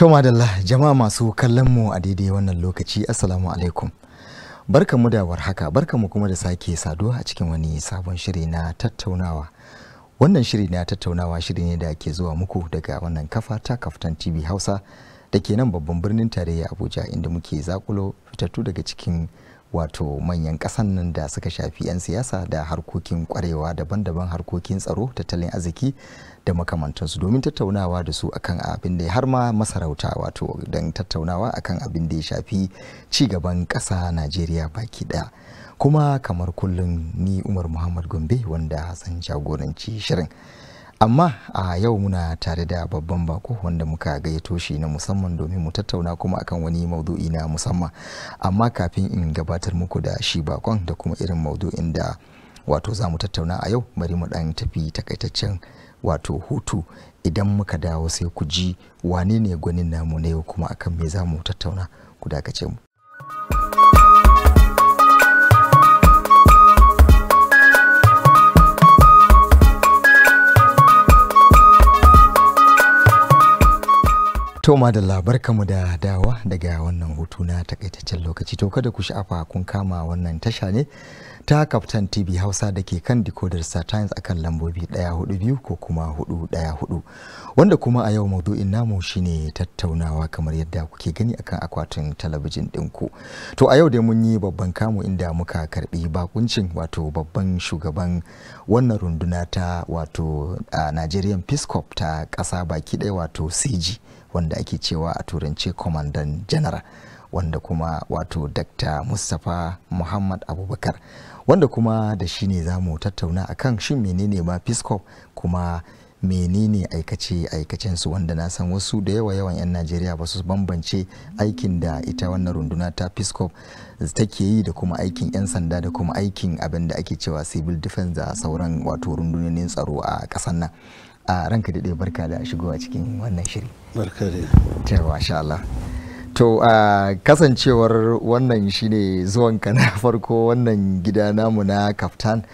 To madalla jama'a masu kallon mu a daidai wannan lokaci assalamu alaikum. mu da warhaka mu kuma da sake saduwa a cikin wani sabon shiri na tattaunawa. Wannan shiri na tattaunawa shiri ne da ke zuwa muku daga wannan kafa ta kaftan TV Hausa da ke nan babban birnin tarayya Abuja inda muke zakulo fitattu daga cikin wato manyan kasan nan da suka shafi 'yan siyasa da harkokin kwarewa daban-daban harkokin tsaro tattalin arziki da makamantansu domin tattaunawa da su akan abin da har ma masarauta wato don tattaunawa akan abin da ya shafi ci gaban ƙasa najeriya baki ɗaya kuma kamar kullum ni umar muhammad gombe wanda zan jagoranci shirin amma a yau muna tare da babban bako wanda muka gayyato shi na musamman domin mu tattauna kuma akan wani maudu'i na musamman amma kafin in gabatar muku da shi bakon da kuma irin maudu'in da wato za mu tattauna a yau bari mu dan tafi takaitaccen wato hutu idan muka dawo sai ku ji wane ne gwanin namu na yau kuma akan me za mu tattauna ku dakace mu. da labarka mu da dawa daga wannan hutu na takaitaccen lokaci to kada ku sha'afa kun kama wannan tasha ne ta Captain TV Hausa da ke kan decoder Star Times akan lambobi 142 ko kuma 414 wanda kuma a yau maudu'in namu shine tattaunawa kamar yadda kuke gani akan akwatin talabijin ɗinku. To a yau dai mun yi babban kamu inda muka karbi bakuncin wato babban shugaban wannan runduna ta wato a Nigerian Peace Corps ta ƙasa baki ɗaya wato CG. wanda ake cewa a turance commandan general wanda kuma wato dr mustapha muhammad abubakar wanda kuma da shi ne za mu tattauna a kan shin menene ma piscop kuma menene aikace aikacen su wanda na san wasu da yawa yawan 'yan najeriya ba su bambance aikin da ita wannan runduna ta piscop take yi da kuma aikin 'yan sanda da kuma aikin abin da ake cewa civil defense da sauran wato rundunonin tsaro a kasan nan a ranka daɗe barka da shigowa cikin wannan shiri barkare yawa sha Allah to a kasancewar wannan shine zuwanka na farko wannan gida namu na kaftan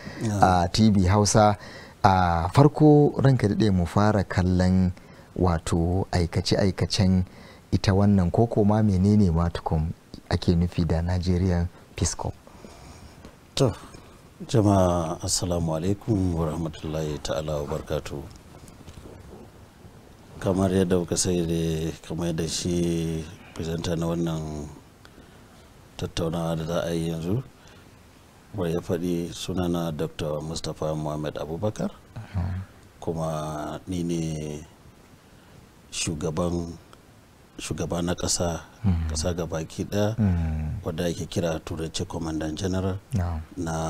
a tv hausa a farko ranka daɗe mu fara kallon wato aikace-aikacen ita wannan koko ma menene ma tukun ake nufi da nigerian pisco to jama'a assalamu alaikum wa rahmatullahi ta'ala wa barkatu kamar yadda kuka sai da kamar yadda shi presenter na wannan tattaunawa da za a yi yanzu wai ya faɗi sunana dr mustapha muhammad abubakar kuma ni ne shugaban shugaba na ƙasa ƙasa gabaki ɗaya wadda ake kira turanci commandant general na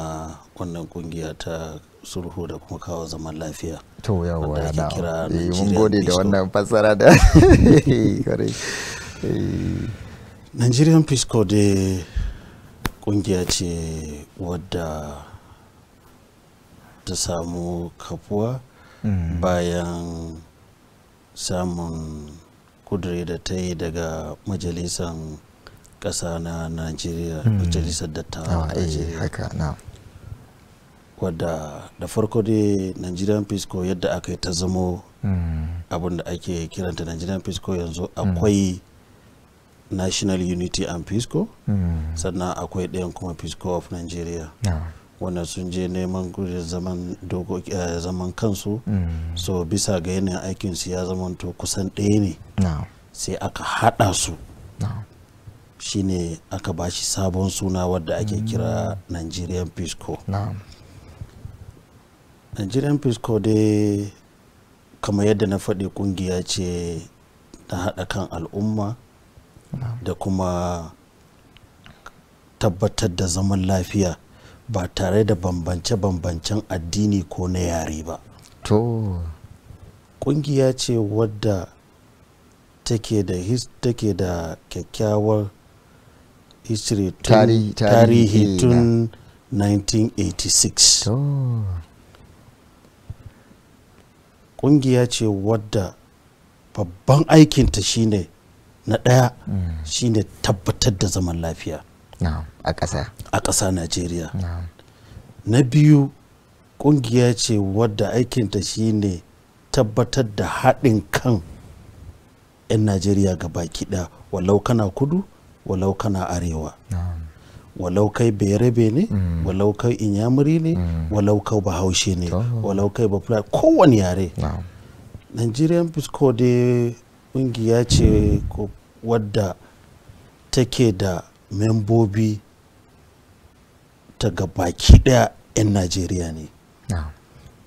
wannan kungiya ta sulhu da kuma kawo zaman lafiya to yawa ya da mun gode da wannan fassara da eh. nigerian peace corps dai kungiya ce wadda ta samu kafuwa hmm. bayan samun kudure da ta yi daga majalisar ƙasa na najeriya hmm. majalisar dattawa a ah, na eh, wadda da farko dai nigerian corps yadda aka yi ta zamo mm. abunda ake kiranta nigerian corps yanzu akwai national unity and peace corps mm. sannan akwai ɗayan kuma corps of nigeria ah. wanda sun je neman gudun zaman, dogo eh, zaman kansu mm. so bisa ga yanayin su ya zama to kusan ɗaya ne sai aka haɗa su shine aka bashi sabon suna wadda ake kira nigerian corps nigerian peace corps dai kamar yadda na faɗi kungiya ce ta haɗa kan al'umma da kuma tabbatar da zaman lafiya ba tare da bambance-bambancen addini ko na yare ba to kungiya ce wadda take da da kyakkyawar history tarihi tun 1986 kungiya ce wadda babban aikinta shine na ɗaya shine tabbatar da zaman lafiya a ƙasa najeriya na biyu kungiya ce wadda aikinta shine tabbatar da haɗin kan 'yan najeriya ga baki ɗaya walau kana kudu walau kana arewa walau kai berebe ne mm. walau kai inyamuri ne mm. walau kai bahaushe ne walau kai bafula kowane yare nigerian pisco dai kungiya ce wadda take da membobi ta gabaki daya 'yan najeriya ne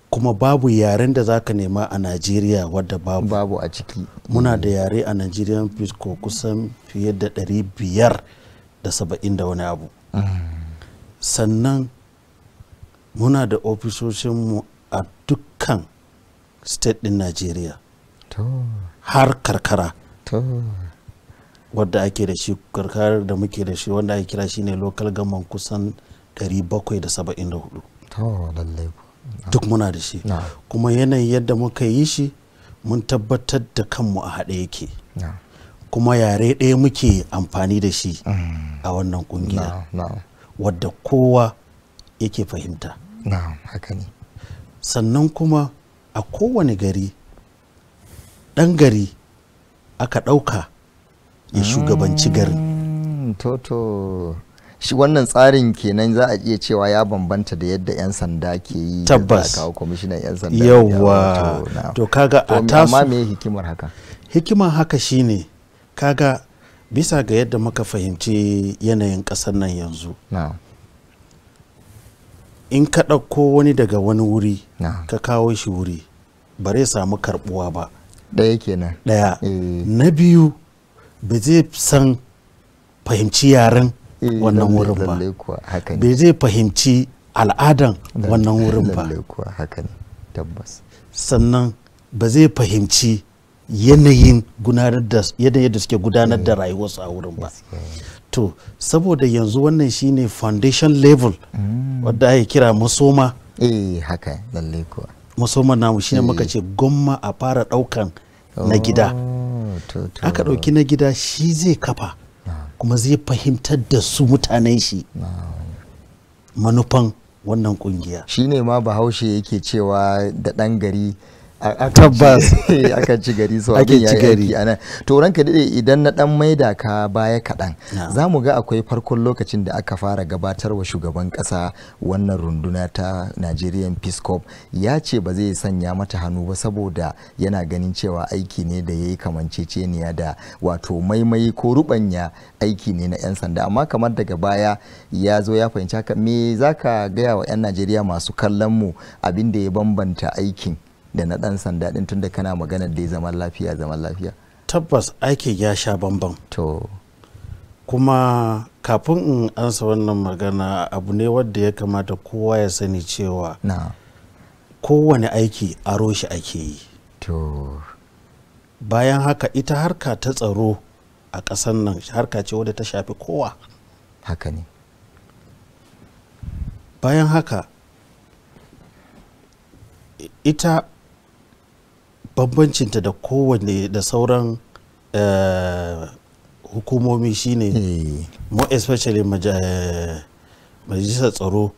kuma babu yaren da zaka nema a najeriya wadda babu a ciki muna mm. da yare a nigerian corps kusan fiye da 500 da saba'in da wani abu sannan muna da ofisoshinmu a dukkan state din najeriya har karkara wadda ake da shi karkarar da muke da shi wanda ake kira shi ne local gaman kusan 774 duk muna da shi kuma yanayin yadda muka yi shi mun tabbatar da kanmu a haɗe yake kuma yare ɗaya muke amfani da shi mm. a wannan kungiya wadda kowa yake fahimta sannan kuma a kowane gari ɗan gari aka ɗauka ya shugabanci mm, garin toto shi wannan tsarin kenan za a iya cewa ya bambanta da yadda 'yan sanda ke yi tabbas kawo kwamishinan 'yan sanda yawa to kaga a tasu amma me hikimar haka hikimar haka shine kaga bisa ga yadda muka fahimci yanayin ƙasar nan yanzu in ka ɗauko wani daga wani wuri ka kawo shi wuri ba zai samu karbuwa ba ɗaya kenan ɗaya eh. na biyu ba zai san fahimci yaren eh, wannan wurin ba ba zai fahimci al'adan wannan wurin ba sannan ba zai fahimci yanayin gudanar da yanayin da suke gudanar da rayuwarsu a wurin ba to saboda yanzu wannan shine foundation level mm. wadda ake kira masoma eh haka lalle masoma namu shine muka eh. ce gwamma a fara daukan na gida oh, aka dauki na gida shi zai kafa ah. kuma zai fahimtar da su mutanen shi ah. manufan wannan kungiya shine ma bahaushe yake cewa da dan gari a tabbas aka ci gari so abin ya yi anan to ranka dade idan na dan maida ka baya kaɗan za mu ga akwai farkon lokacin da aka fara gabatar wa shugaban kasa wannan runduna ta Nigerian Peace Corps ya ce ba zai sanya mata hannu ba saboda yana ganin cewa aiki ne da yayi kamanceceniya da wato maimai ko rubanya aiki ne na 'yan sanda amma kamar daga baya ya zo ya fahimci haka me zaka gaya wa 'yan Najeriya masu kallon mu abin da ya bambanta aikin da na dan sanda din tunda kana magana dai zaman lafiya zaman lafiya tabbas aiki ya sha bamban to kuma kafin in ansa wannan magana abu ne wadda ya kamata kowa ya sani cewa Na. kowane aiki aro shi ake yi to bayan haka ita harka ta tsaro a ƙasar nan harka ce wadda ta shafi kowa haka ne bayan haka ita bambancinta da kowane da sauran eh, hukumomi shine eh. more especially eh, majalisar tsaro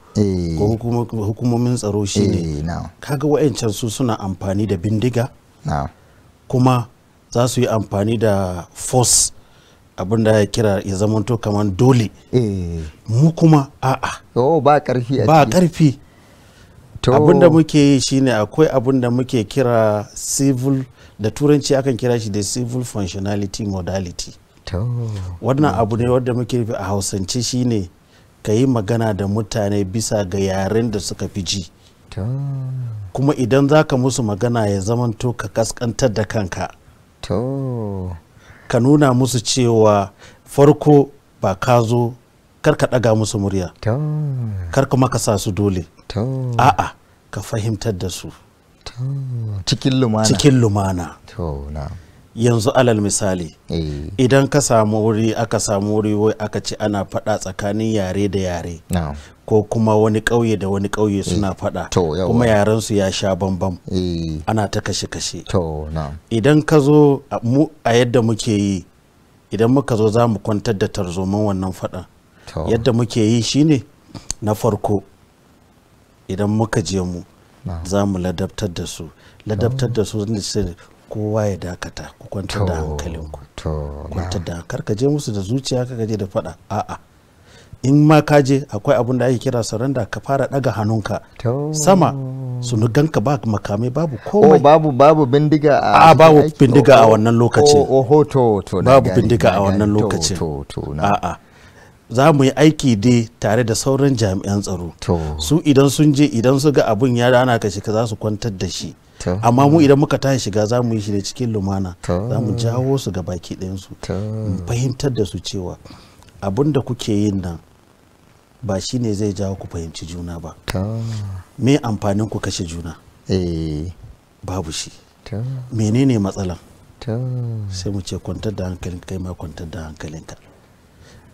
ko hukumomin tsaro shine kaga wa'ancan su suna amfani da bindiga kuma za su yi amfani da force abin da ya kira ya zamanto kamar dole mu kuma a'a oh, ba karfi abun da muke yi shine akwai abun da muke kira civil da turanci akan kira shi da civil functionality modality wannan abu ne wadda muke nufi a hausance shine ka yi magana da mutane bisa ga yaren da suka fi ji kuma idan za ka musu magana ya zamanto ka kaskantar da kanka ka nuna musu cewa farko ba ka zo kar ka ɗaga musu murya kar kuma ka sa su dole a'a ka fahimtar da su cikin lumana cikin lumana yanzu alal misali eh. idan ka samu wuri aka samu wuri wai aka ce ana faɗa tsakanin yare da yare ko kuma wani ƙauye da wani ƙauye eh. suna faɗa kuma yarensu ya sha bambam eh. ana ta kashe-kashe idan ka zo a yadda muke yi idan muka zo za mu kwantar da tarzoman wannan faɗan yadda muke yi shine na farko idan muka je mu za mu ladabtar da su ladabtar da su kowa ya dakata ku kwantar da hankalinku kwantar da karka je musu da zuciya kaka je da fada a'a in ma ka je akwai abin da ake kira saranda ka fara daga hannunka sama ka ba makamai babu komai oh, babu babu bindiga a ah, babu bindiga a oh, oh. wannan lokacin oh, oh, babu bindiga a wannan lokacin a'a za mu yi aiki dai tare da sauran jami'an tsaro su idan sun je idan su ga abun ya rana ka shiga za su kwantar da shi amma mu idan muka tashi shiga za mu yi shi da cikin lumana za mu jawo su ga baki ɗayansu fahimtar da su cewa abun da kuke yin nan ba shi ne zai jawo ku fahimci juna ba me amfanin ku kashe juna eh. babu shi menene matsalan sai mu ce kwantar da hankalinka kai ma kwantar da hankalinka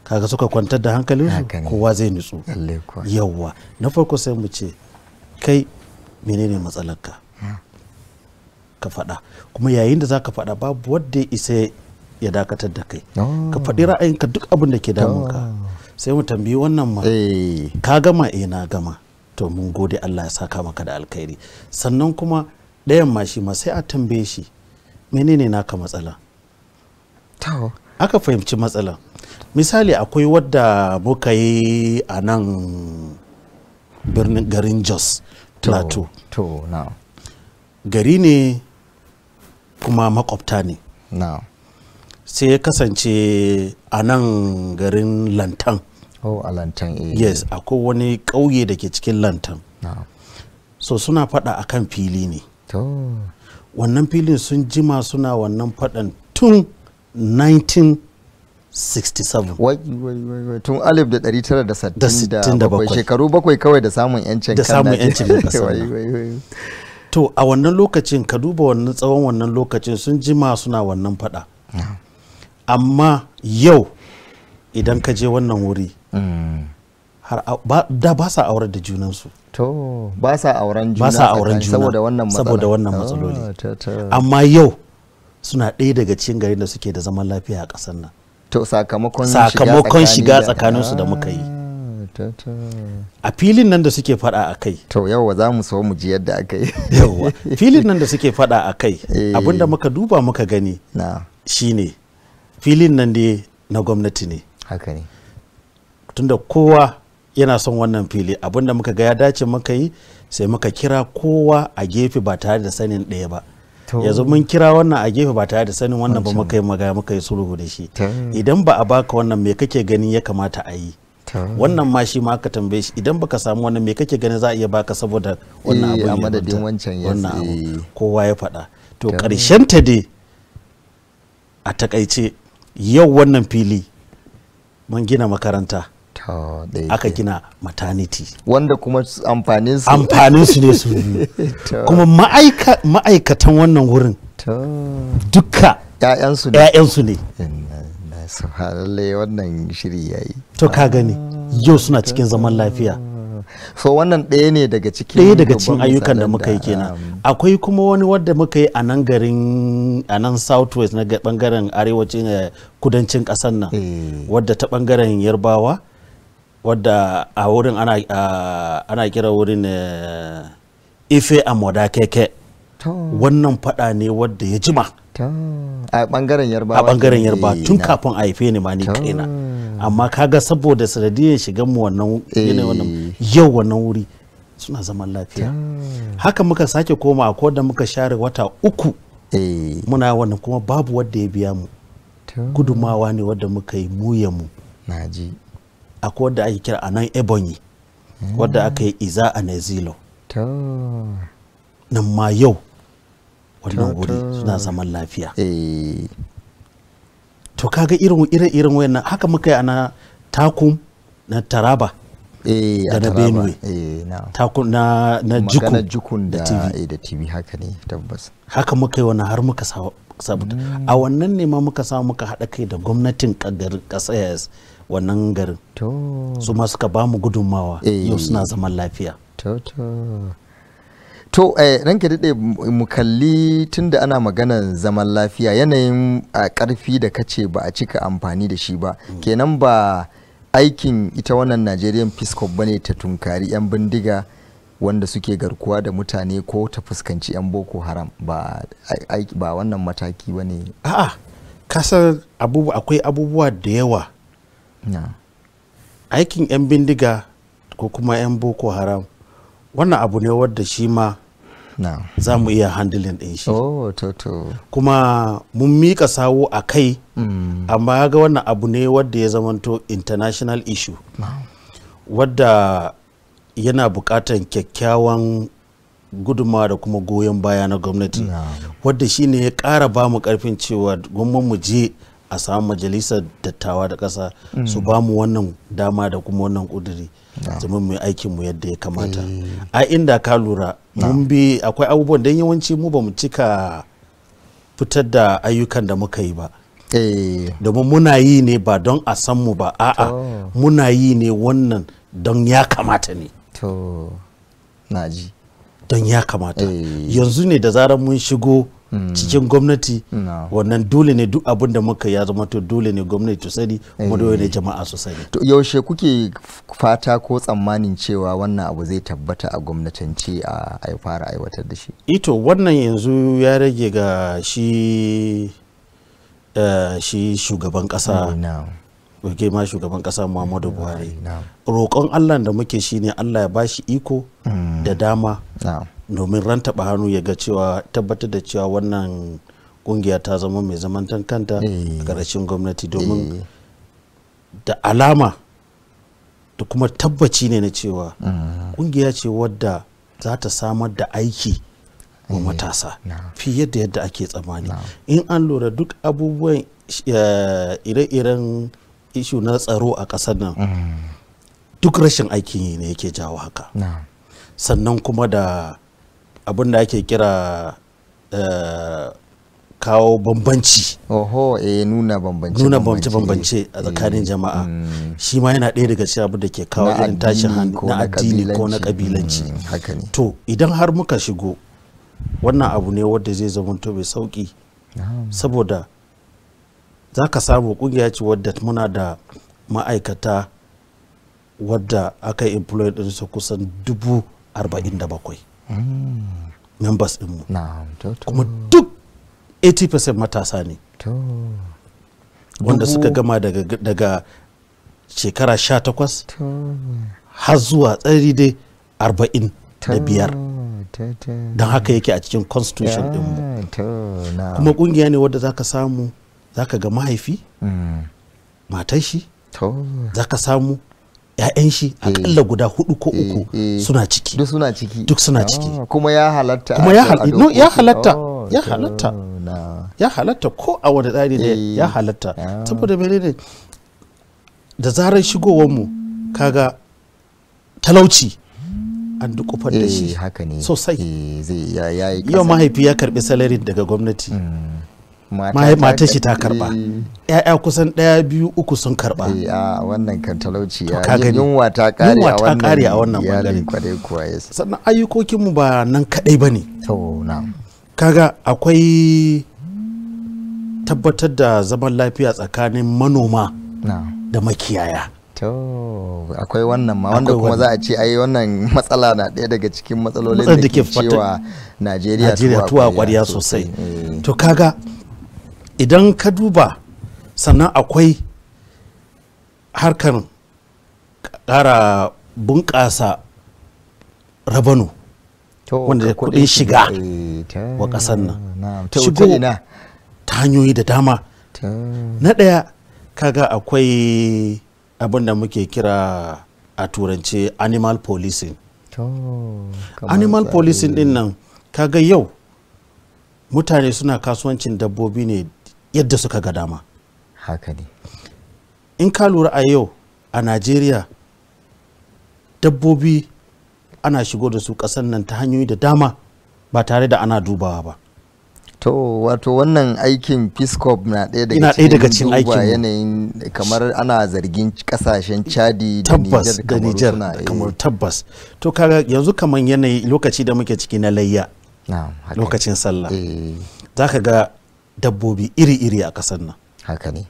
kaga suka kwantar da hankalin kowa zai nutsu yawwa na farko sai mu ce kai menene matsalarka ka faɗa kuma yayin da za ka faɗa babu wadda isa ya dakatar da kai oh. ka faɗi ra'ayinka duk abin da ke damunka oh. sai mu tambayi wannan ma eh. ka gama eh na gama to mun gode Allah ya saka maka da alkhairi sannan kuma ɗayan ma shi ma sai a tambaye shi menene naka matsala aka fahimci matsalar misali akwai wadda muka yi a nan birnin garin jos plateau to na. gari ne kuma makwabta ne na. sai ya kasance a nan garin lantan oh a lantan eh yes akwai wani ƙauye da ke cikin lantan na. so suna fada akan fili ne to wannan filin sun jima suna wannan fadan tun 19 67 wai wai wai tun alif da 967 shekaru bakwai kawai da samun yancin da samun yancin to a wannan lokacin ka duba wannan tsawon wannan lokacin sun jima suna wannan fada amma yau idan ka je wannan wuri mm. har da ba sa aurar da junansu to ba sa auren juna ba sa auren juna saboda wannan saboda wannan matsaloli ah, amma yau suna ɗaya daga cikin garin da suke da zaman lafiya a ƙasar nan to sakamakon sakamakon shiga tsakaninsu da muka yi ah, a filin nan da suke fada a kai to yawa za mu so mu ji yadda aka yi yawa filin nan da suke fada a kai eh. abinda muka duba muka gani shine filin nan ne na gwamnati ne haka ne tunda kowa yana son wannan fili abinda muka ga ya dace muka yi sai muka kira kowa a gefe ba tare da sanin ɗaya ba yanzu mun kira wannan a gefe ba tare da sanin wannan ba muka yi magana muka yi sulhu da shi idan ba a baka wannan me kake ganin ya kamata a yi wannan ma shi ma ka tambaye shi idan baka samu wannan me kake ganin za a iya baka saboda wannan eh, abu ya madadin wancan eh. kowa ya faɗa to karshen ta dai a takaice yau wannan fili mun gina makaranta aka gina maternity wanda kuma amfanin su amfanin su ne su kuma ma'aikatan wannan wurin duka. ‘ya'yansu ne subhanallah wannan shiri ya yi to ka gani yau suna cikin zaman lafiya so wannan ɗaya ne daga cikin ɗaya daga cikin ayyukan da muka yi kenan um, akwai kuma wani wadda muka yi a nan garin a nan southwest na bangaren arewacin eh, kudancin ƙasar nan eh. wadda ta bangaren yarbawa wadda a wurin ana, kira wurin eh, ife a keke wannan fada ne wadda ya jima a bangaren yarba a bangaren yarba tun eh, kafin a ife ne ma ni kaina amma kaga saboda sanadiyar shigan mu wannan eh. wannan yau wannan wuri suna zaman lafiya haka muka sake koma a kodan muka share wata uku muna wannan kuma babu wadda ya biya mu gudumawa ne wadda muka yi mu mu akwai wadda ake kira a nan ebonyi wadda aka yi iza a nezilo nan ma yau wannan wuri suna zaman lafiya eh. to kaga irin irin irin wayannan haka muka yi ana takum na taraba eh, da na benue eh, takum na na jikun da tv da tv haka ne tabbas haka muka yi wannan har muka sabu a mm. wannan ne ma muka samu muka haɗa kai da gwamnatin kasar wannan garin su ma suka ba mu gudunmawa eh. yau suna zaman lafiya to eh, ranke daɗe mu kalli tunda ana maganar zaman lafiya yanayin a ƙarfi da kace ba a cika amfani da shi ba mm. kenan ba aikin ita wannan nigerian peace corps bane ta tunkari 'yan bindiga wanda suke garkuwa da mutane ko ta fuskanci 'yan boko haram ba, ba wannan mataki ba ne a'a kasar abubu, akwai abubuwa da yawa aikin 'yan bindiga ko kuma 'yan boko haram wannan abu ne wadda shi ma za mu iya handilin ɗin shi oh, kuma mun mika sawo a kai mm. amma ga wannan abu ne wadda ya zamanto international issue wadda yana bukatan kyakkyawan gudunmawa da kuma goyon baya na gwamnati wadda shi ne ya ƙara ba mu ƙarfin cewa gwamnan mu je a samu majalisar dattawa da ƙasa su ba mu wannan dama da kuma wannan ƙuduri zama mu aikin mu yadda ya kamata eh. a inda ka lura mun bi akwai abubuwan don yawanci mu ba mu cika fitar da ayyukan da muka yi ba eh. domin muna yi ne ba don a san mu ba a'a muna yi ne wannan don ya kamata ne to don ya kamata eh. yanzu ne da zarar mun shigo Hmm. cikin gwamnati wannan dole ne duk abin da muka ya zama to dole ne gwamnati to sani kuma eh. dole ne jama'a su sani to yaushe kuke fata ko tsammanin cewa wannan abu zai tabbata a gwamnatance a fara aiwatar da shi ito wannan yanzu ya rage ga shi eh, shi shugaban kasa wake ma shugaban kasa muhammadu oh, buhari roƙon allah da muke shine allah ya bashi iko hmm. da dama domin rantaba hannu ya ga cewa tabbatar da cewa wannan kungiya ta zama mai zaman kanta a eh. ƙarshen gwamnati domin eh. da alama da kuma tabbaci ne na cewa kungiya ah. ce wadda za ta samar da aiki wa eh. matasa fiye da yadda ake tsammani in an lura duk abubuwan ire-iren ishu na tsaro a ƙasar nan ah. duk rashin aikin ne yake jawo haka sannan kuma da abin da ake kira eh, kawo bambanci oho eh nuna bambance nuna bambance bambanci a tsakanin eh, jama'a shima mm. shi ma yana ɗaya daga cikin abin da ke kawo irin tashin hankali na addini ko na kabilanci mm, to idan har muka shigo wannan abu ne wanda zai to bai sauki saboda za ka samu kungiya ce wadda muna da ma'aikata wadda aka yi employed su kusan dubu arba'in da bakwai members ɗinmu kuma duk 80% matasa ne wanda suka gama daga shekara 18 har zuwa tsari dai 45 don haka yake a cikin constitution ɗinmu kuma kungiya ne wadda za ka samu za ga mahaifi mm. matashi zaka za ka samu 'ya'yan shi mm. akalla guda hudu ko mm, uku mm. suna ciki duk suna ciki duk suna ah, ciki kuma ya halatta kuma ya halatta oh, ya halatta ya halatta ya halatta ko a wani tsari ne eh. ya halatta saboda ah. saboda menene da zarar shigowar mu kaga talauci an duk kufar da shi eh, sosai eh, yau mahaifi ya karbi salarin daga gwamnati mata shi ta karba eh. ya'ya kusan ɗaya biyu uku sun karba eh, a wannan kan talauci ya yunwa ta kare a wannan bangare sannan ayyukokinmu ba nan kadai ba ne kaga akwai tabbatar da zaman lafiya tsakanin manoma da makiyaya akwai wannan ma wanda kuma za a ce ai wannan matsala na ɗaya daga cikin matsalolin da ke cewa najeriya tuwa kwariya sosai eh. to kaga idan ka duba sannan akwai harkar kara bunƙasa rabano wanda kudin shiga eh, wa ƙasar nan shigo ta hanyoyi da dama na ɗaya kaga akwai abin da muke kira a turance animal policing animal policing din nan kaga yau mutane suna kasuwancin dabbobi ne yadda suka ga dama haka ne in ka lura a yau a najeriya dabbobi ana shigo da su ƙasar nan ta hanyoyi da dama ba tare da ana dubawa ba to wato wannan aikin piscop na ɗaya daga cikin duba yanayin kamar ana zargin kasashen chadi da nijar da nijar kamar eh. tabbas to kaga yanzu kamar yanayi lokaci da muke ciki na layya lokacin sallah eh. za ka ga dabbobi iri-iri a kasar nan haka ne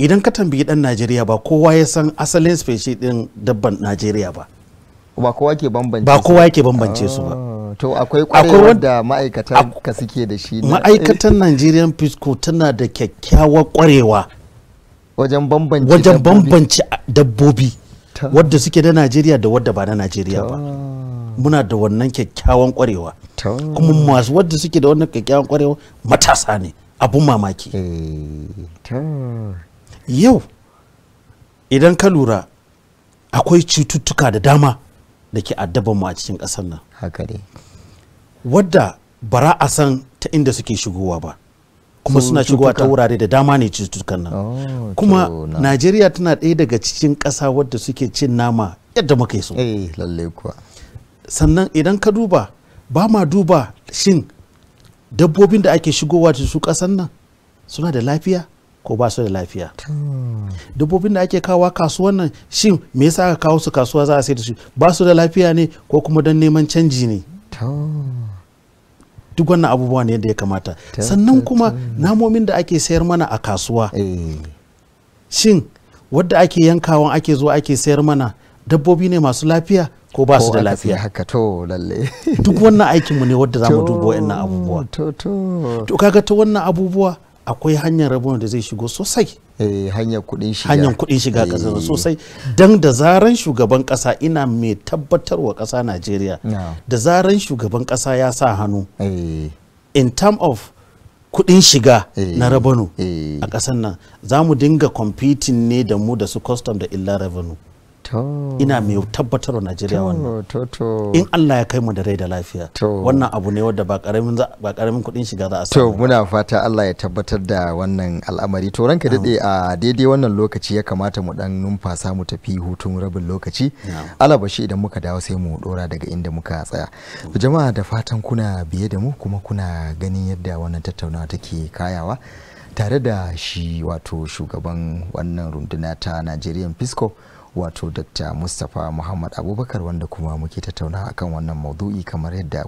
idan ka tambayi dan najeriya ba kowa ya san asalin speshi din dabban najeriya ba ba kowa ke bambance ba kowa ke bambance su ba ah, to akwai kwarewar da ma'aikatan ka suke da shi ma'aikatan nigerian fisco tana da kyakkyawar kwarewa wajen bambance wajen bambance dabbobi wadda suke da najeriya da wadda ba na najeriya ba muna da wannan kyakkyawan kwarewa kuma masu wadda suke da wannan kyakkyawan kwarewa matasa ne abun mamaki eh, yau idan ka lura akwai cututtuka da dama da ke mu a cikin ƙasar nan wadda bara a san ta inda suke shigowa ba kuma suna shigowa ta wurare da dama ne cututtukan nan oh, kuma najeriya tana ɗaya daga cikin ƙasa wadda suke cin nama yadda muka yi so eh, sannan idan ka duba ba ma duba shin dabbobin da ake shigowa da su ƙasan nan suna da lafiya ko ba su da lafiya dabbobin da ake kawo kasuwan nan shin me yasa aka kawo su kasuwa za a sai da su ba su da lafiya ne ko kuma don neman canji ne duk wannan abubuwa ne yadda ya kamata sannan kuma namomin da ake sayar mana a kasuwa eh. shin wadda ake yankawan ake zuwa ake sayar mana dabbobi ne masu lafiya ko ba su da lafiya haka to lalle duk wannan aikinmu ne wadda za mu duba wannan abubuwa to kaga ta wannan abubuwa akwai hanyar rabon da zai shigo sosai Eh, hanyar kudin shiga hanyar kudin shiga kasar eh. sosai dan da zaran shugaban kasa ina mai tabbatarwa kasa Najeriya da zaran shugaban kasa ya sa hannu eh. in term of kudin shiga na rabano a kasan nan za mu dinga competing ne da mu da su custom da illa revenue ina mai tabbatar wa najeriya wannan in allah ya kai mu da rai da lafiya wannan abu ne wadda ba karamin kudin shiga za a samu to muna fata allah ya tabbatar da wannan al'amari to ranka dade a daidai wannan lokaci ya kamata mu dan numfasa mu tafi hutun rabin lokaci alabashi idan muka dawo sai mu dora daga inda muka tsaya jama'a da fatan kuna biye da mu kuma kuna ganin yadda wannan tattaunawa take kayawa tare da shi wato shugaban wannan runduna ta nigerian pisco wato dr mustapha muhammad abubakar wanda kuma muke tattauna akan wannan maudu'i kamar yadda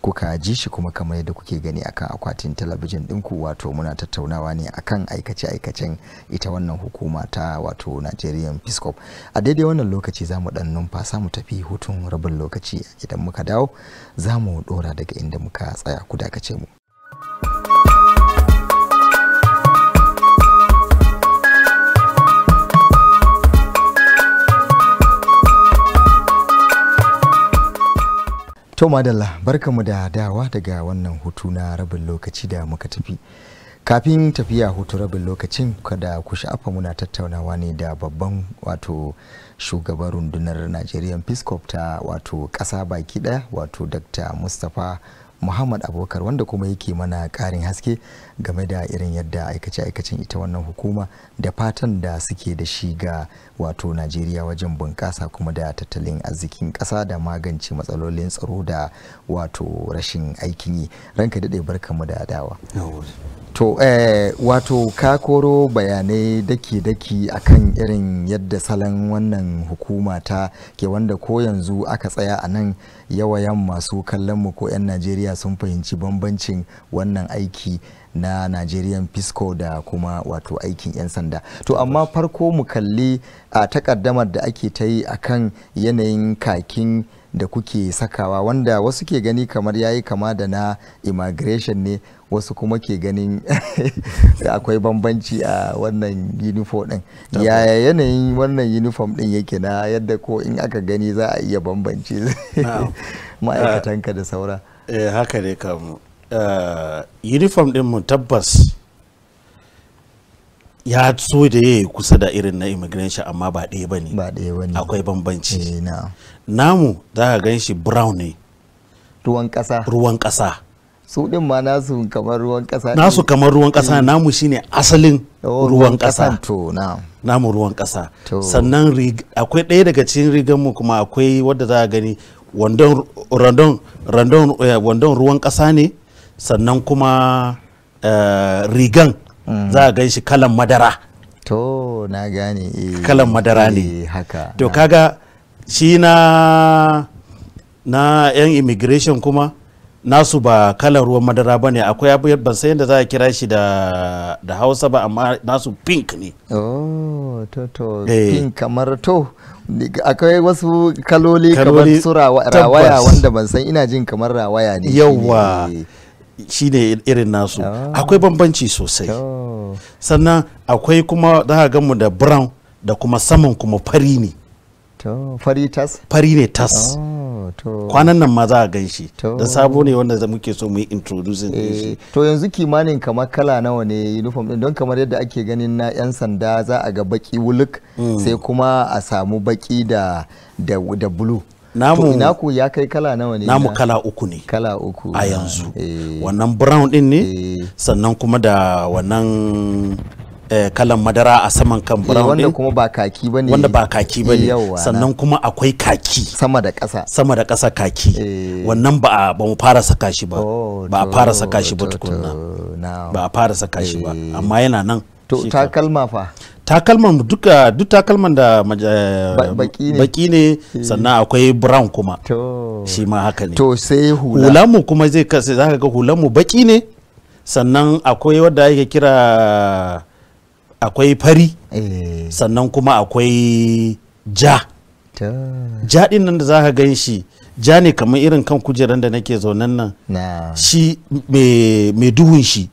kuka ji shi kuma kamar yadda kuke gani akan akwatin talabijin ɗinku wato muna tattaunawa ne akan aikace-aikacen ita wannan hukuma ta wato nigerian piscop a daidai wannan lokaci za mu ɗan numfasa mu tafi hutun rabin lokaci idan muka dawo za mu ɗora daga inda muka tsaya ku dakace mu To madalla barkamu da dawa daga wannan hutu na rabin lokaci da muka tafi. Kafin tafiya hutu rabin lokacin kada ku sha'afa muna tattaunawa ne da babban wato shugaban rundunar Nigerian Peace Corps ta wato ƙasa baki ɗaya wato Dr. Mustapha muhammad abubakar wanda kuma yake mana karin haske game da irin yadda aikace-aikacen ita wannan hukuma da fatan da suke da shi ga wato najeriya wajen bunƙasa kuma da tattalin arzikin ƙasa da magance matsalolin tsaro da wato rashin aikin yi ranka daɗe barkanmu da adawa To eh, wato ka koro bayanai daki-daki akan irin yadda salon wannan hukuma ta ke wanda ko yanzu aka tsaya a nan yawayan masu kallonmu ko 'yan Najeriya sun fahimci bambancin wannan aiki na Nigerian Fisco da kuma wato aikin 'yan sanda. To amma farko mu kalli a takaddamar da ake ta yi akan yanayin kakin da kuke sakawa wanda wasu ke gani kamar yayi kama da na immigration ne wasu kuma ke ganin akwai bambanci a wannan uniform din yaya yanayin wannan uniform din yake na yadda ko in aka gani za a iya Ma'aikatan ma'aikatanka da saura eh, haka ne kam eh, uniform din mu tabbas ya so da ya yi kusa da irin na immigration amma ba ɗaya ba ne akwai bambanci eh, namu za ka gan shi brown ne ruwan ƙasa ruwan ƙasa su din ma nasu kamar ruwan kasa nasu kamar ruwan kasa mm. namu shine asalin ruwan kasa to na namu ruwan kasa sannan akwai ɗaya daga cikin rigan mu kuma akwai wanda za a gani wandon randon randon eh, wandon ruwan kasa ne sannan kuma eh, rigan mm. za a gan shi kalan madara to na gane eh, kalan madara ne haka to kaga shi na na yan immigration kuma nasu ba kalan ruwan madara ba ne akwai abu ban san yadda za a kira shi da da hausa ba amma nasu pink ne oh to to hey. Eh. pink kamar to akwai wasu kaloli, kamar su rawaya wanda ban san ina jin kamar rawaya ne yawa eh. shi ne irin nasu oh. akwai bambanci sosai oh. sannan akwai kuma za a ganmu da brown da kuma saman kuma fari ne fari tas fari ne tas oh. kwanan nan ma za a gan shi da sabo ne wanda muke so mu yi introducing eh, shi to yanzu kimanin kamar kala nawa ne uniform din don kamar yadda ake ganin na yan sanda za a ga baki wuluk mm. sai kuma a samu baki da da da blue namu ina ku ya kai kala nawa ne namu kala uku ne kala uku a yanzu eh. wannan brown din ne eh. sannan kuma da wannan Eh, kalan madara a saman kan eh, brown wanda kuma ba kaki bane wanda ba kaki bane sannan kuma akwai kaki sama da ƙasa sama da ƙasa kaki eh. wannan ba ba mu fara saka shi ba oh, ba a fara saka shi ba tukunna ba a fara saka shi ba amma yana nan to takalma fa takalman duka duk takalman da baki ne sannan akwai brown kuma shi ma haka ne to sai hula hula mu kuma zai kasa za ka ga hula mu baki ne sannan akwai wanda ake kira akwai fari eh. sannan kuma akwai ja ja din nan da za ka gan shi ja ne kamar irin kan kujeran da nake zaunan nan shi mai duhun shi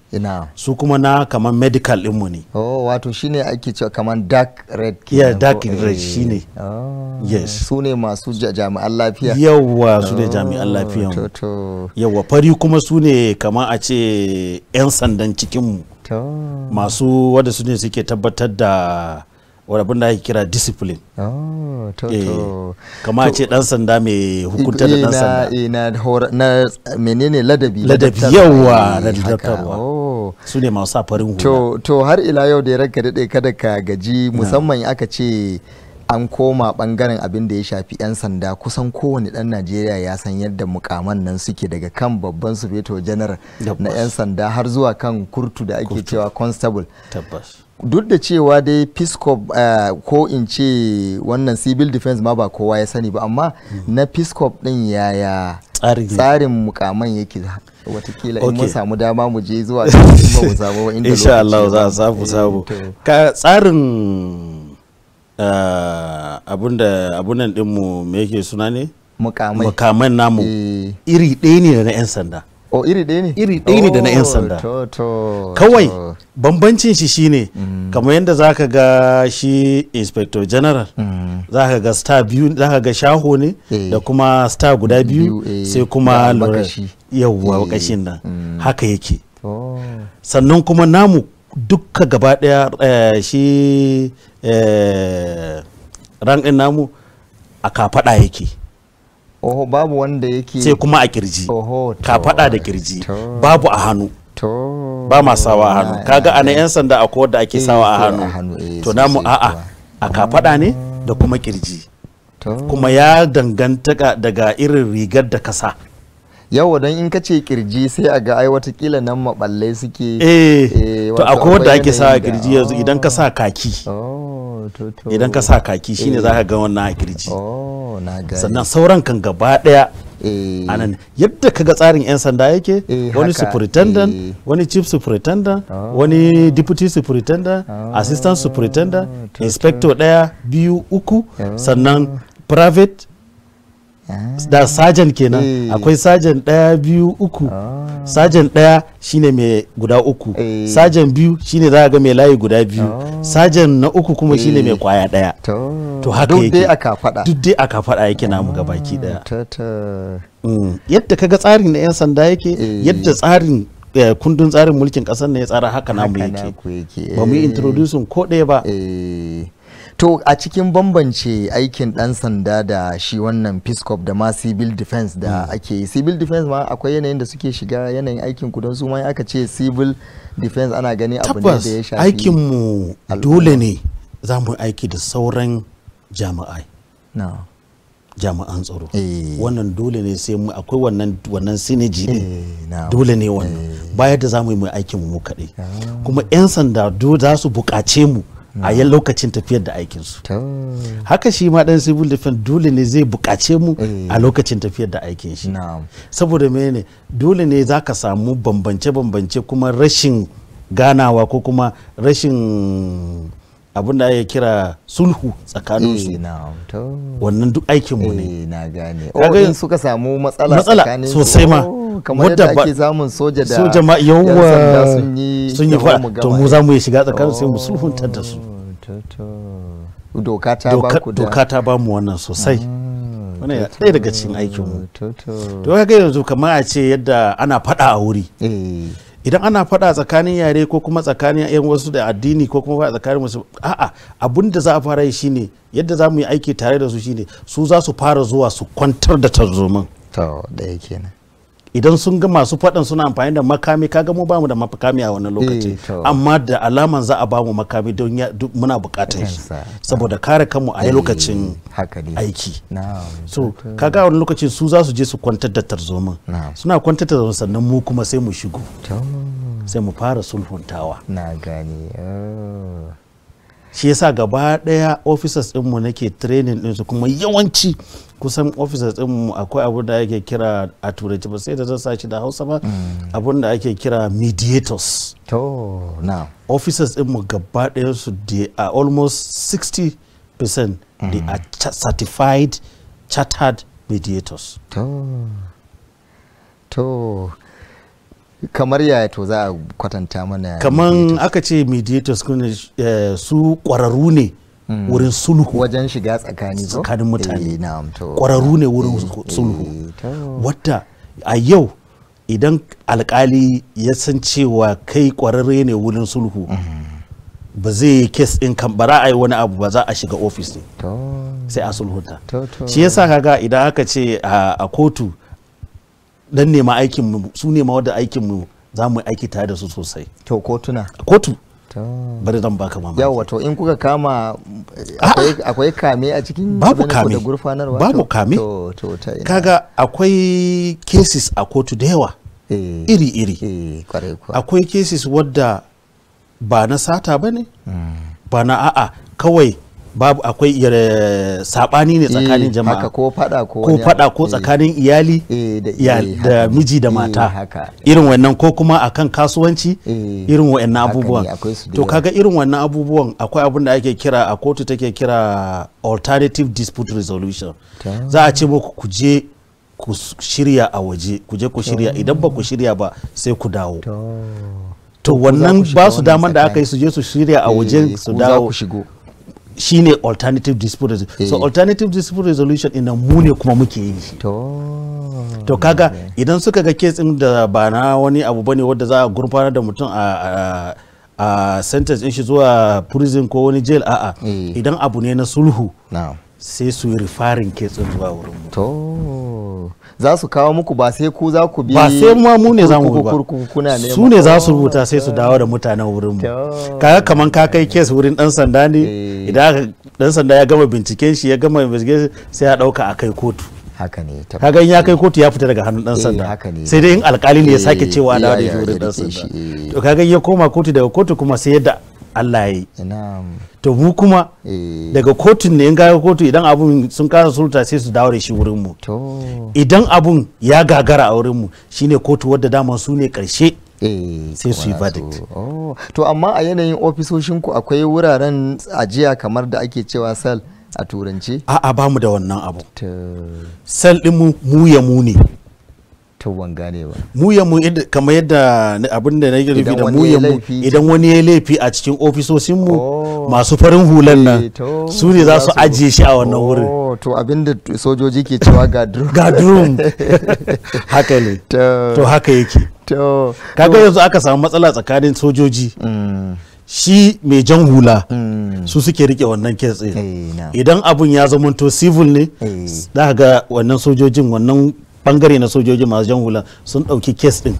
su kuma na kamar medical mu ne oh wato shine ake cewa kamar dark red yeah dark red eh. shine ah. yes su ne masu jami'an lafiya yawwa su ne oh, jami'an lafiya yawwa fari kuma su ne kamar a ce 'yan sandan cikinmu masu wadda su ne suke tabbatar da wadabin da ake kira discipline oh, to, kama ce dan sanda mai hukunta da dan sanda eh, na, eh, na menene ladabi ladabi yawa ladabtarwa oh. su ne masu safarin hula to, to har ila yau da ya ranka daɗe kada ka gaji musamman aka ce an koma bangaren abin da ya shafi 'yan sanda kusan kowane dan najeriya ya san yadda mukaman nan suke daga kan babban sufeto janar na 'yan sanda har zuwa kan kurtu da ake cewa constable duk da cewa dai piscop uh, ko in ce wannan civil defense ma ba kowa ya sani ba amma hmm. na piscop din yaya tsarin mukaman yake watakila in mun samu dama mu je zuwa mu samu inda insha Allah za a samu eh, ka tsarin Eh, abunda abunan dinmu me yake suna ne mukamai mukaman namu eh. iri ɗaya ne da na 'yan sanda o iri ɗaya ne iri ɗaya ne da na 'yan oh, sanda kawai bambancin shi shine mm. kamar yadda za ka ga shi inspector general mm. za ka ga star biyu za ka ga shaho ne eh. da kuma star guda biyu sai kuma lura yawwa kashin nan mm. haka yake oh. sannan kuma namu duka gaba daya eh, shi eh, ran din namu a kafada yake oho babu wanda yake sai kuma a kirji kafada da kirji babu a hannu ba ma sawa a hannu kaga ana yan sanda a da ake eh, sawa a hannu to namu a'a a kafada ne da kuma kirji kuma ya danganta daga irin rigar da kasa yau don in ka ce kirji sai a ga ai watakila nan maballe suke eh, eh to akwai wanda ake sa kirji yanzu idan ka sa kaki oh, idan ka sa kaki shine eh. za ka ga wannan a kirji oh, sannan sauran kan gaba daya eh. anan yadda ka ga tsarin 'yan sanda yake wani superintendent wani chief superintendent oh. wani deputy superintendent assistant superintendent inspector daya biyu uku sannan private da sajan kenan eh. akwai sajan ɗaya biyu uku ah. sajan ɗaya shine mai guda uku eh. sajan biyu shine za ga mai layi guda biyu ah. sajan na uku kuma shine mai eh. kwaya ɗaya to haka yake duk dai aka faɗa duk dai aka fada yake namu ah, mm. ga baki ɗaya yadda kaga tsarin na 'yan sanda yake yadda tsarin kundin tsarin mulkin ƙasar ne ya tsara haka namu yake ba mu yi introducing ko ɗaya ba to a cikin bambance aikin dan sanda da shi wannan peace corps da ma civil defense da hmm. ake yi civil defense ma akwai yanayin da suke shiga yanayin aikin ku don su ma aka ce civil defense ana gani abu ne da ya shafi aikin mu dole ne za mu aiki da sauran jami'ai Na. jami'an tsaro eh. wannan dole ne sai mu akwai wannan wannan sinaji din eh, dole ne wannan eh. bayar da mu yi mu aikin mu kaɗai ah. kuma 'yan sanda za su buƙace mu a yan lokacin tafiyar da aikin su haka shi ma dan civil defense dole ne zai bukace mu eh. a lokacin tafiyar da aikin shi saboda mene dole ne zaka samu bambance-bambance kuma rashin ganawa ko kuma rashin abin da ake kira sulhu tsakanin su eh, wannan duk aikin mu ne eh, na gane kaga oh, in suka samu matsala tsakanin sosai ma oh, kamar da ake samun soja da soja ma yawa sun yi fa to mu za mu shiga tsakanin sai mu oh, sulhunta tantar su doka ta ba ku doka ta ba mu wannan sosai ah, wannan ya ɗaya daga cikin aikin mu to kaga yanzu kamar a ce yadda ana faɗa a wuri eh idan ana faɗa tsakanin yare ko kuma tsakanin yan wasu da addini ko kuma fada tsakanin wasu a'a abin da za a fara yi shine yadda za mu yi aiki tare da su shine su za su fara zuwa su kwantar da tarzoman to da yake ne idan sun ga masu faɗan suna amfani da makami kaga mu bamu da makami a wannan lokaci eh, amma da alaman za a bamu makami don muna buƙatar shi saboda kare kanmu a eh, lokacin aiki so kaga a wani lokaci su za su je su kwantar da tarzomin suna kwantar da sannan mu kuma sai mu shigo sai mu fara sulhuntawa na gani oh. shi yasa gaba daya officers dinmu nake training din su kuma yawanci kusan officers dinmu akwai abu da ake kira a turanci ba sai da zan sa shi da hausa ba mm. abun da ake kira mediators to now officers dinmu gaba daya su dey are almost 60 percent mm. they are certified chartered mediators to to kamar yaya to za a kwatanta mana kaman aka ce mediators uh, su kwararru ne hmm. wurin sulhu wajen shiga tsakani tsakanin mutane kwararru eh, ne wurin eh, sulhu wata a yau idan alkali ya san cewa kai kwararre ne wurin sulhu mm-hmm. ba zai yi kes ɗin kan a yi wani abu ba za a shiga ofis ne sai a sulhunta shi yasa kaga idan aka ce a kotu dan nema aikin mu su nema wadda aikin mu za mu aiki tare da su sosai to kotuna kotu bari zan baka mamaki yawa to in kuka kama eh, ah! akwai kame a cikin babu kame babu kame kaga akwai cases a kotu da yawa eh. iri iri eh, akwai cases wadda ba na sata bane? Hmm. ba na a'a kawai babu akwai eh, sabani ne tsakanin eh, jama'a ko fada ko ko fada ko eh. tsakanin iyali da miji da mata irin wannan ko kuma akan kasuwanci irin wannan abubuwan to kaga irin wannan abubuwan akwai abun da ake kira a kotu take kira alternative dispute resolution za a ce muku ku je ku shirya a waje ku je ku shirya idan ba ku shirya ba sai ku dawo to wannan ba su damar da aka yi su je su shirya a waje su dawo shine alternative dispute resolution so eh. alternative dispute resolution ina mu ne kuma muke yi to kaga eh. idan suka ga ɗin da ba na wani abu bane wanda za a gurfana da mutum a a sentence in shi zuwa prison ko wani jail a'a eh. idan abu ne na sulhu sai su yi rifarin ketsin zuwa wurin mu to za su kawo muku ba sai ku za ku bi ba sai ma mu ne za mu ba su ne za su rubuta sai su dawo da mutanen wurin mu kaga kaman ka kai kes wurin dan sanda ne eh. idan dan sanda ya gama binciken shi ya gama binciken sai ya dauka a kai kotu haka ne kaga in ya kai kotu ya fita daga hannun dan eh, sanda sai dai in alkali ne ya sake cewa eh, dawo da wurin dan sanda to kaga ya koma kotu daga kotu kuma sai yadda Allah ya yi to mu kuma eh. daga kotun ne in ga kotu idan abun sun kasa sulta sai su dawo da shi wurin mu idan abun ya gagara a wurin mu shine kotu wadda dama su ne karshe eh, sai su yi verdict oh. to amma a yanayin ofisoshin ku akwai wuraren ajiya kamar da ake cewa sal a turanci a'a bamu da wannan abu sal ɗin mu mu ya mu ne to ban gane ba muyan mu kamar yadda abin da na yi rufi da ya mu idan wani ya laifi a cikin ofisosin mu oh. masu farin hulan nan eh, su ne za su ajiye shi a wannan wurin oh, to abin da sojoji ke cewa gadrum haka ne to haka yake to kaga yanzu aka samu matsala tsakanin sojoji mm. shi mai jan hula mm. su suke rike wannan kesi eh, idan abun ya zamanto civil ne eh. za ga wannan sojojin wannan bangare na sojoji masu jan hula sun ɗauki kes ɗin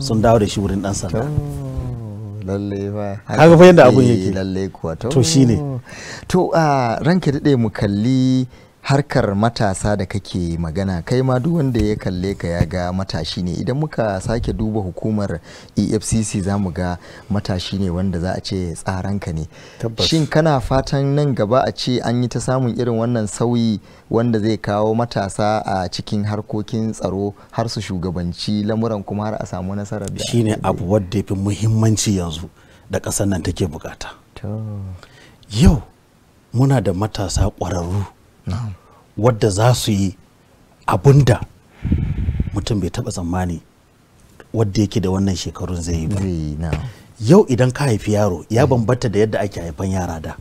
sun dawo da shi wurin ɗan sanda lalle ba kaga fa yanda abun yake eh, lalle kuwa to shine to a ranke daɗe mu kalli harkar matasa da kake magana kai ma duk wanda ya kalle ka ya ga matashi ne idan muka sake duba hukumar efcc za mu ga matashi ne wanda za a ce tsaranka ne shin kana fatan nan gaba a ce an yi ta samun irin wannan sauyi wanda zai kawo matasa a cikin harkokin tsaro har su shugabanci lamuran kuma har a samu nasarar da shine abu wadda fi muhimmanci yanzu da ƙasar nan take bukata yau muna da matasa ƙwararru wadda za su yi abun da mutum bai taba tsammani wadda yake da wannan shekarun zai yi ba yau idan ka haifi yaro ya mm. bambanta da yadda ake haifan yara da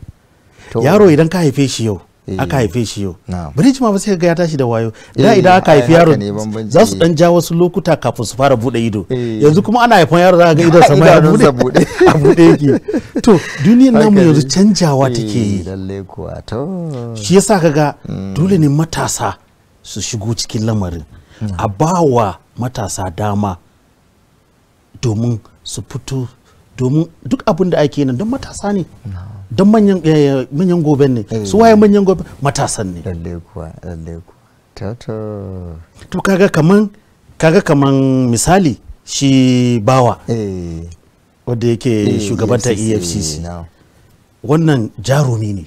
yaro idan ka haife shi yau Eh. aka haife shi yau biriji ma ba sai ga ya tashi da wayo eh, da idan aka haifi eh, yaro za su dan ja wasu lokuta kafin su fara bude ido yanzu kuma ana haifan yaro za ga idon sa mai bude a bude yake to duniyar namu yanzu canjawa take yi shi yasa kaga hmm. dole ne matasa su shigo cikin lamarin hmm. a bawa matasa dama domin su fito domin duk abin da ake nan don matasa ne don manyan eh, eh, manyan gobe ne eh. su waye manyan gobe? matasan ne kuwa to kaga kaman kaga kaman misali shi bawa wanda yake shugabanta EFCC wannan jarumi ne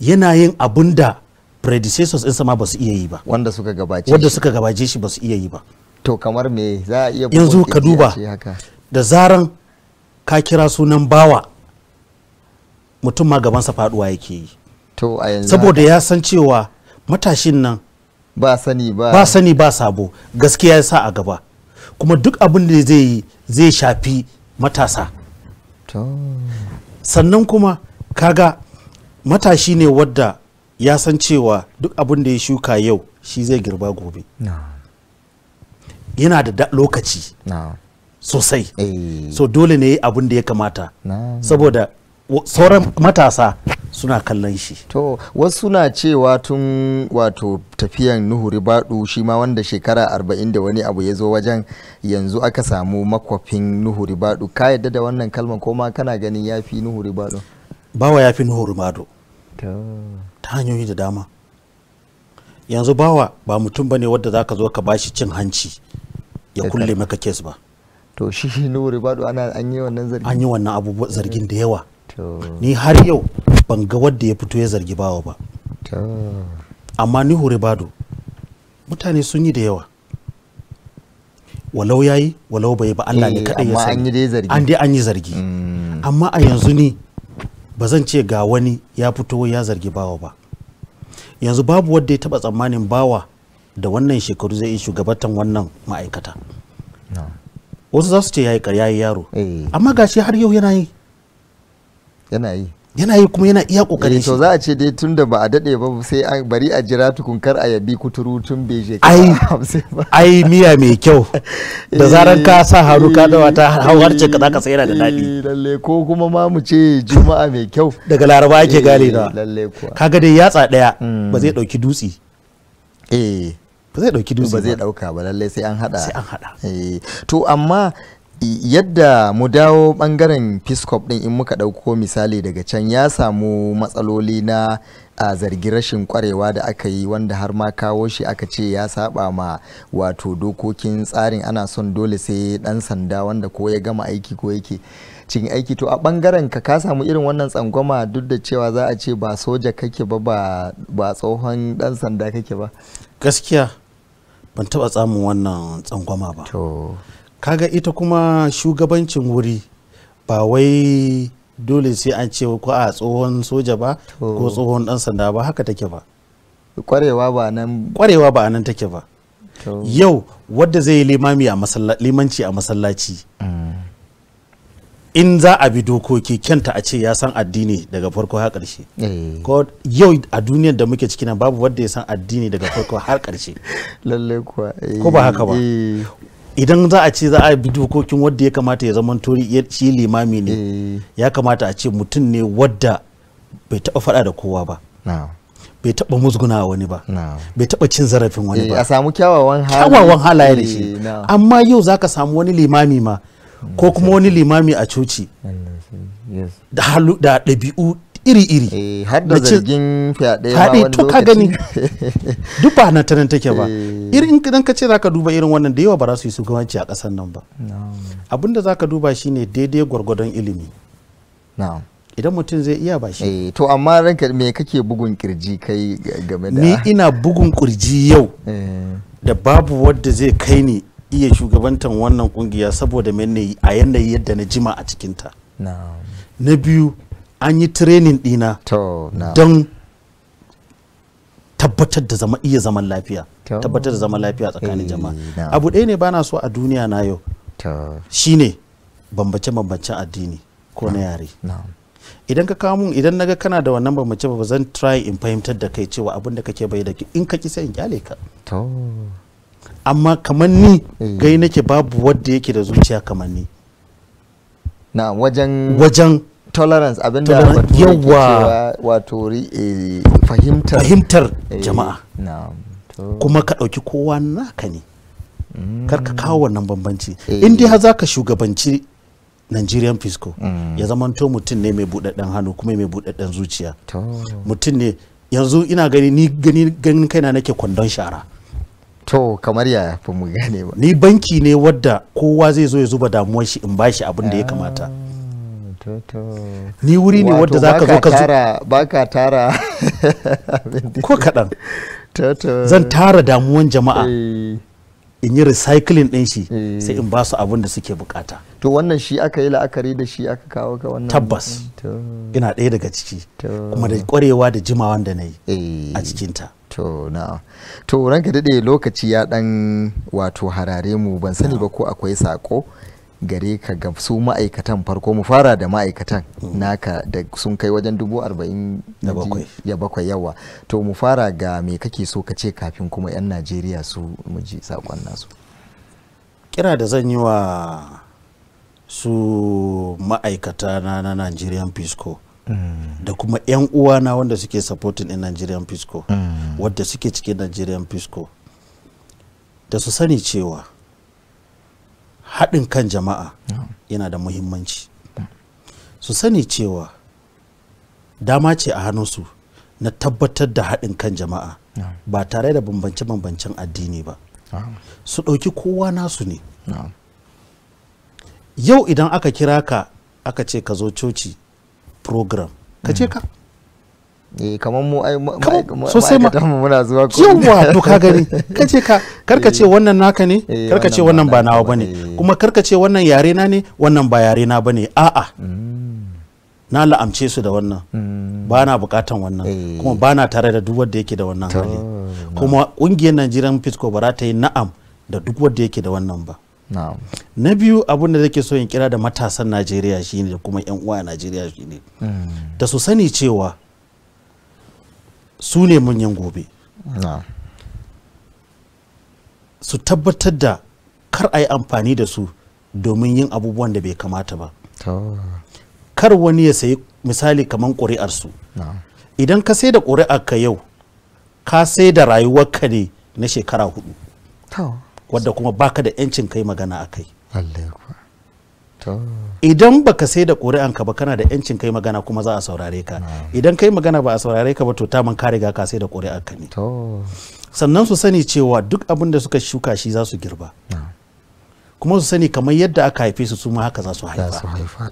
yana yin abun da predecessors ɗinsa ma ba su iya yi ba wanda suka gabace wanda suka gabace shi ba su iya yi ba to kamar me za a iya yanzu ka duba da zaran ka kira sunan bawa mutum ma gabansa faduwa yake yi to a yanzu saboda ya san cewa matashin nan ba sani ba ba sani ba sabo gaskiya ya sa a gaba kuma duk abin da zai yi zai shafi matasa sannan kuma kaga matashi ne wadda ya san cewa duk abin da ya shuka yau shi zai girba gobe yana da lokaci sosai eh. so dole ne abin da ya kamata saboda sauran matasa suna kallon shi to wasu suna cewa tun wato tafiyan nuhu ribadu shi ma wanda shekara arba'in da wani abu ya zo wajen yanzu aka samu makwafin nuhu ribadu ka yadda da wannan kalmar ko ma kana ganin ya fi nuhu ribadu bawa ya fi nuhu ribadu ta hanyoyi da dama yanzu bawa ba mutum bane wadda zaka zo ka bashi cin hanci ya kulle maka kes ba to shi nuhu ribadu ana an yi wannan zargin an yi wannan abubuwan zargin da yawa ni har yau ban ga wadda ya fito ya zargi bawa ba amma ni hure bado mutane sun yi da yawa walau ya yi walau bai ba Allah ne eh, kaɗai ya sani an dai an yi zargi mm. amma a yanzu ni ba zan ce ga wani ya fito ya zargi bawa ba yanzu babu wadda ya taba tsammanin bawa da wannan shekaru zai yi shugabatan wannan ma'aikata wasu za su ce ya yi ƙarya yaro eh. amma gashi har yau yana yi yana yi yana yi kuma yana iya kokarin eh, shi to za a ce dai tunda ba a dade ba sai a bari a jira tukun kar a yabi kuturu tun bai je ai ai miya mai kyau da eh, zaran ka sa haru ka dawa ta eh, hawar ce ka zaka sayar da dadi lalle ko kuma ma mu ce juma'a mai kyau daga laraba ake gane da lalle ko kaga dai yatsa daya mm. ba zai dauki dutse eh ba zai dauki dutse ba zai dauka ba lalle sai an hada sai an hada eh to amma yadda mu dawo bangaren piscop din in muka dauko misali daga can ya samu matsaloli na a zargi rashin kwarewa da aka yi wanda har ma kawo shi aka ce ya saba ma wato dokokin tsarin ana son dole sai dan sanda wanda ko ya gama aiki ko yake cikin aiki to a bangaren ka ka samu irin wannan tsangwama duk da cewa za a ce ba soja kake ba ba tsohon dan sanda kake ba gaskiya ban taba samun wannan tsangwama ba kaga ita kuma shugabancin wuri ba wai dole sai an ce ko a tsohon soja ba ko tsohon dan sanda ba haka take ba kwarewa ba nan kwarewa ba nan take ba yau wadda zai yi limami a limanci a masallaci mm. in za a bi dokoki kyanta a ce ya san addini daga farko har ƙarshe eh. ko yau a duniyar da muke ciki nan babu wadda ya san addini daga farko har ƙarshe lalle kuwa ko ba eh, haka ba eh. idan za a ce za a bi dokokin wadda ya kamata ya zama tori ci limami ne eh. ya kamata a ce mutum ne wadda bai taba faɗa da kowa ba bai taba musguna wani ba bai taba cin zarafin wani eh, ba a samu kyawawan halaye da shi eh, amma yau za ka samu wani limami ma ko mm, kuma wani limami a coci da ɗabi'u iri-iri eh, har da zargin fyaɗe ma wani to ka gani duk ba nan tanan take ba eh. irin idan ka ce za ka duba irin wannan da yawa ba za su yi shugabanci a ƙasar nan ba abin da za ka duba shine daidai gwargwadon ilimi idan mutum zai iya ba shi eh, to amma ranka me kake bugun kirji kai game da ni ina bugun kirji yau da babu wadda zai kai ni iya shugabantan wannan kungiya saboda mene a yanayi yadda na jima a cikinta na biyu an yi training dina don tabbatar da zama iya zaman lafiya tabbatar da zaman lafiya tsakanin jama'a eh, abu ɗaya ne bana so a duniya na yau shine bambance bambance addini ko na yare idan ka kawo mun idan naga kana da wannan bambance ba zan try in fahimtar da kai cewa abin da kake bai da in ka ki sai in kyale ka amma kamar ni eh. gai nake babu wanda yake da zuciya kamar ni na wajen wajen tolerance abinda yawa wato eh, fahimtar fahimtar eh, jama'a kuma ka ɗauki kowa naka ne mm. kar ka kawo wannan bambanci eh. in dai har zaka shugabanci nigerian fisco mm. ya zamanto mutum ne mai buɗaɗɗen hannu kuma mai buɗaɗɗen zuciya mutum ne yanzu ina gani ni gani ganin kaina nake kwandon shara to kamar ya fi mu gane ba ni banki ne wadda kowa zai zo ya zuba damuwar shi in bashi abin da ya kamata ah. ni wuri ne wadda za ka zo ka zo ba ka tara ko kaɗan zan tara damuwan jama'a eh. in yi recycling ɗin shi eh. sai in ba su abin da suke bukata to wannan shi aka yi la'akari da shi aka kawo ka wannan tabbas mm, ina ɗaya daga ciki kuma da ƙwarewa da jimawan da na yi eh. a cikinta to na to ranka daɗe lokaci ya ɗan wato harare mu ban sani ba ko akwai sako gare ka ga su ma'aikatan farko mu fara da ma'aikatan mm. naka da sun kai wajen dubu arba'in ya bakwai yawa to mu fara ga me kake so ka ce kafin kuma 'yan najeriya su mu ji saƙon nasu kira da zan yi wa su ma'aikata na na nigerian pisco mm. da kuma 'yan uwana wanda suke supporting in nigerian pisco mm. wadda suke cikin nigerian pisco da su sani cewa haɗin kan jama'a yana da muhimmanci su sani cewa dama ce a hannunsu na tabbatar da haɗin kan jama'a ba tare da bambance-bambancen addini ba su ɗauki kowa nasu ne yau idan aka kira ka aka ce ka zo coci program ka ce ka eh kamar mu ai sosai ma mu muna zuwa ko yawa to ka gani kace ka karkace eh. wannan naka ne eh, karka ce wannan ba nawa bane kuma karka ce wannan yare na ne wannan ba yare na bane a'a mm. na la'amce su da wannan mm. ba na bukatan wannan eh. kuma ba na tare da duk wanda yake da wannan hali kuma kungiyar Najeriyan Fisco ba za ta yi na'am da duk wanda yake da wannan ba na biyu abun da zake so in kira da matasan Najeriya shine da kuma yan uwa Najeriya shine mm. da su sani cewa su ne manyan gobe su tabbatar da kar a yi amfani da su domin yin abubuwan da bai kamata ba kar wani ya sayi misali kamar ƙuri'arsu idan ka sai da ƙuri'arka yau ka sai da rayuwarka ne na shekara hudu wadda kuma baka da 'yancin kai magana a kai idan baka sai da ka ba kana da yancin kai magana kuma za a saurare ka idan kai magana ba a saurare ka ba to ta ka riga ka sai da ka ne sannan su sani cewa duk abin da suka shuka shi za su girba kuma su sani kamar yadda aka haife su su ma haka za su haifa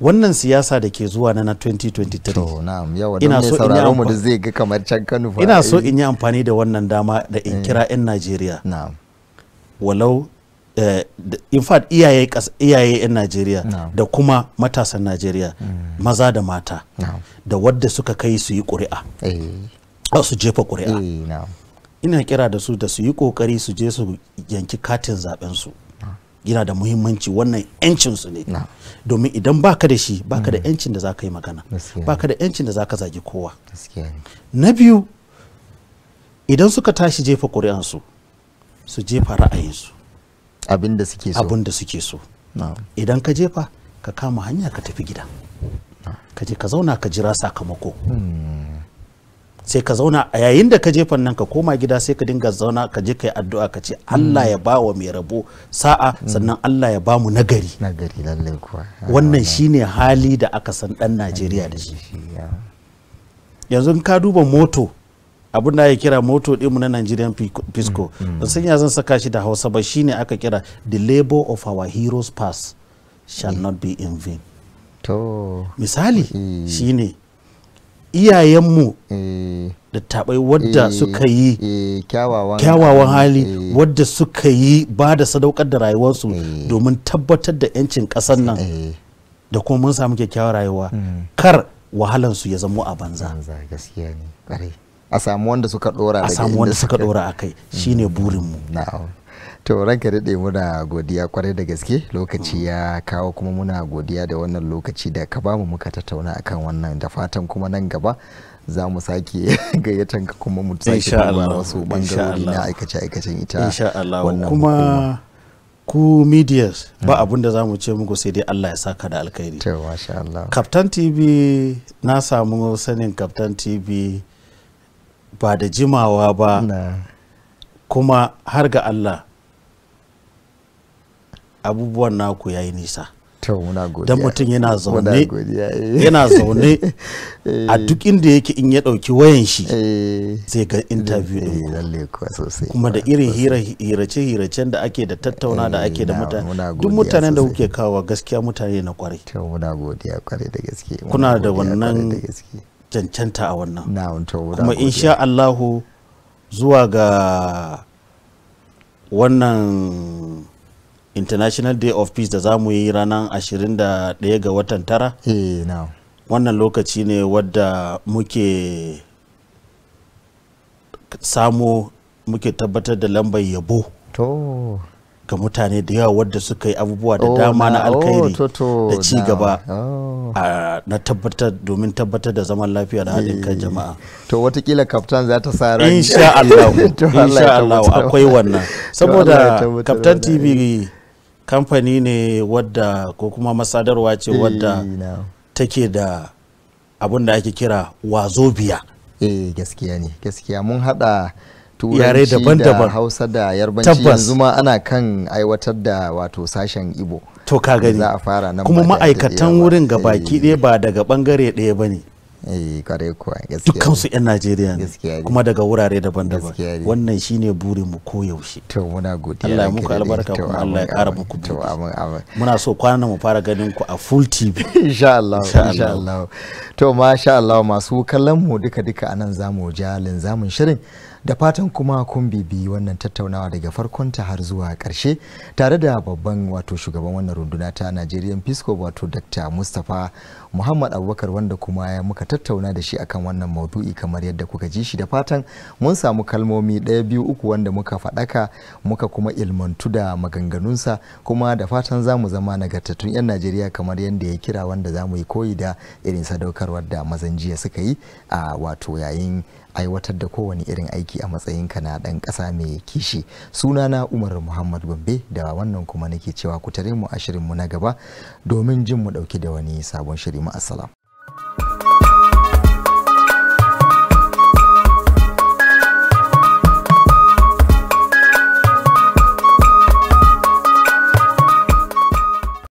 wannan siyasa da ke zuwa na 2023 ina so in yi amfani zai ga kamar can Kano ina so eh. in yi amfani da wannan dama da in eh. kira 'yan Najeriya walau Eh, in fact iyaye iyaye 'yan najeriya da kuma matasan najeriya hmm. maza da mata da wadda suka kai su yi ƙuri'a eh. su jefa ƙuri'a eh, ina kira da su da su yi ƙoƙari su je su yanki katin zaben su yana da muhimmanci wannan yancin su ne domin idan baka da shi baka da yancin hmm. da zaka yi magana baka da yancin da zaka zagi kowa na biyu idan suka tashi jefa ƙuri'ansu su jefa ra'ayinsu abin da suke so abin da suke so idan ka jefa ka kama hanya ka tafi gida ka je ka zauna ka jira sakamako hmm. sai ka zauna a yayin da ka jefa nan ka koma gida sai ka dinga zauna ka je kai addu'a ka ce hmm. Allah ya ba wa mai rabo sa'a hmm. sannan Allah ya ba mu nagari nagari lalle kuwa wannan ah, shine hali da aka san dan Najeriya da shi yanzu ka duba moto abin da ya kira moto mu na nigerian pisco mm, mm. dan sanya zan saka shi da hausa ba shine aka kira the labor of our heroes past shall mm. not be in vain to misali eh. shine iyayenmu eh. da tabai wadda eh. suka yi kyawawan hali wadda suka yi ba da sadaukar da rayuwarsu domin tabbatar da 'yancin kasar nan da kuma mun samu kyakkyawar rayuwa kar wahalansu ya zamo a banza gaskiya ne a samu wanda suka dora a samu wanda suka dora a kai mm. shine burinmu na'am to ranka daɗe muna godiya kwarai da gaske lokaci mm. ya kawo kuma muna godiya da wannan lokaci da ka bamu muka tattauna akan wannan da fatan kuma nan gaba za mu sake gayyatan ka kuma mu sake duba wasu bangarori na aikace aikacen ita wannan kuma ku medias mm. ba abun da za mu ce muku sai dai Allah ya saka da alkhairi to masha Allah Captain TV na samu sanin Captain TV ba da jimawa ba kuma har ga Allah abubuwan naku ya yi nisa don mutum yana zaune eh. yana zaune eh. a duk inda yake in ya dauki wayan shi eh. zai ga interview din kuma da irin hirace hiracen da ake da tattauna da ake da mutane duk mutanen da kuke kawo gaskiya mutane na kwarai kuna da wannan cancanta a wannan kuma insha Allahu zuwa ga wannan international day of peace da za mu yi ranar 21 ga watan tara eh, wannan lokaci ne wadda muke samu muke tabbatar da lambar yabo ga mutane da yawa wadda suka yi abubuwa da dama oh, na oh, alkhairi da ci gaba oh. na tabbatar domin tabbatar da zaman lafiya da haɗin kan eh. jama'a to watakila kaftan za ta sa ran insha Allah insha Allah akwai wannan saboda kaftan TV kamfani ne wadda ko kuma masadarwa ce eh, wadda take da abin da ake kira wazobiya eh gaskiya ne gaskiya mun hada yare daban-daban hausa da yarbanci yanzu ma ana kan aiwatar da wato sashen ibo to ka gani kuma ma'aikatan wurin ga baki eh. ɗaya ba daga bangare ɗaya ba ne dukkan su 'yan najeriya ne kuma daga wurare daban-daban wannan shine burin mu koyaushe to muna godiya Allah ya muku albarka kuma Allah ya kara muku to amin amin muna so kwana mu fara ganin ku a full tv insha Allah insha Allah to sha Allah masu kallon mu duka duka anan zamu ja linzamin shirin da fatan kuma kun bibi wannan tattaunawa daga farkon ta har zuwa karshe tare da babban wato shugaban wannan runduna ta Nigerian Peace Corps wato Dr. Mustapha Muhammad Abubakar wanda kuma ya muka tattauna da shi akan wannan maudu'i kamar yadda kuka ji shi da fatan mun samu kalmomi ɗaya biyu uku wanda muka faɗaka muka kuma ilmantu da maganganunsa kuma da fatan za mu zama nagartattun 'yan Najeriya kamar yadda ya kira wanda za mu yi koyi da irin sadaukarwar da mazan jiya suka yi a wato yayin aiwatar da kowane irin aiki a matsayinka na ɗan kasa mai kishi sunana umar muhammad gombe da wannan kuma nake cewa ku tare mu a shirinmu na gaba domin jin mu ɗauki da wani sabon shiri mu ma'asala.